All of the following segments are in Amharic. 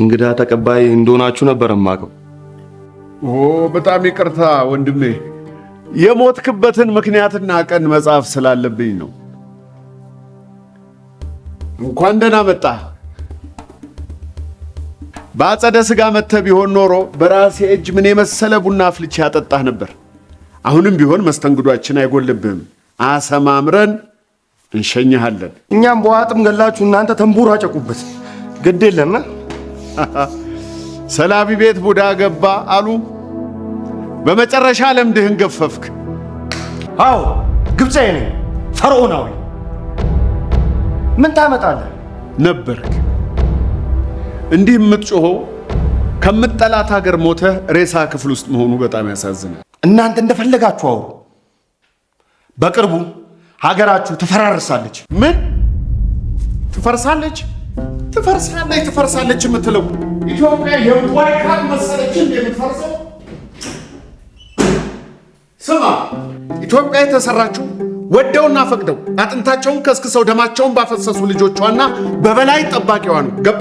እንግዳ ተቀባይ እንደሆናችሁ ነበር የማውቀው። ኦ በጣም ይቅርታ ወንድሜ፣ የሞትክበትን ምክንያትና ቀን መጻፍ ስላለብኝ ነው። እንኳን ደህና መጣ። በአጸደ ሥጋ መጥተህ ቢሆን ኖሮ በራሴ እጅ ምን የመሰለ ቡና አፍልቼ ያጠጣህ ነበር። አሁንም ቢሆን መስተንግዷችን አይጎልብህም። አሰማምረን እንሸኝሃለን። እኛም በዋጥም ገላችሁ እናንተ ተንቡር አጨቁበት። ግድ የለም ሰላቢ ቤት ቡዳ ገባ አሉ። በመጨረሻ ለምድህን ገፈፍክ። አዎ ግብፃዊ ነኝ፣ ፈርዖናዊ ምን ታመጣለህ ነበርክ። እንዲህ የምትጮኸው ከምትጠላት ሀገር ሞተህ ሬሳ ክፍል ውስጥ መሆኑ በጣም ያሳዝናል። እናንተ እንደፈለጋችሁ አውሩ። በቅርቡ ሀገራችሁ ትፈራርሳለች። ምን ትፈርሳለች? ትፈርሳለች ትፈርሳለች የምትለው ኢትዮጵያ የቦይካት መሰለች የምትፈርሰው። ስማ ኢትዮጵያ የተሰራችው ወደውና ፈቅደው አጥንታቸውን ከስክሰው ደማቸውን ባፈሰሱ ልጆቿና በበላይ ጠባቂዋ ነው። ገባ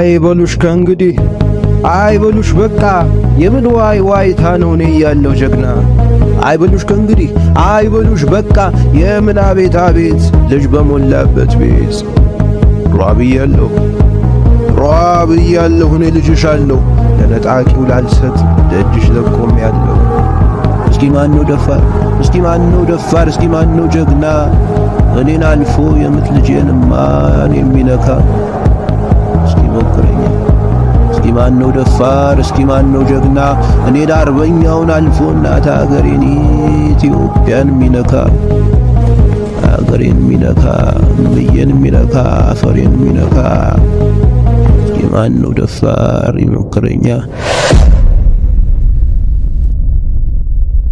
ዋይ አይበሉሽ ከእንግዲህ አይበሉሽ በቃ የምን ዋይ ዋይታ ነው እኔ ያለው ጀግና አይበሉሽ ከእንግዲህ አይበሉሽ በቃ የምን አቤት አቤት ልጅ በሞላበት ቤት ሯብ ብያለሁ ሯብ ብያለሁ እኔ ልጅሽ አለሁ ለነጣቂው ላልሰጥ ደጅሽ ለቆም ያለሁ እስኪ ነው ደፋር እስኪ ነው ደፋር እስኪ ነው ጀግና እኔን አልፎ የምትልጄንማ እኔን የሚነካ ያስሞክረኛል። እስኪ ማን ነው ደፋር? እስኪ ማን ነው ጀግና? እኔ ለአርበኛውን አልፎ እናት አገሬን ኢትዮጵያን ሚነካ አገሬን ሚነካ ምየን ሚነካ አፈሬን ሚነካ እስኪ ማን ነው ደፋር? ይሞክረኛ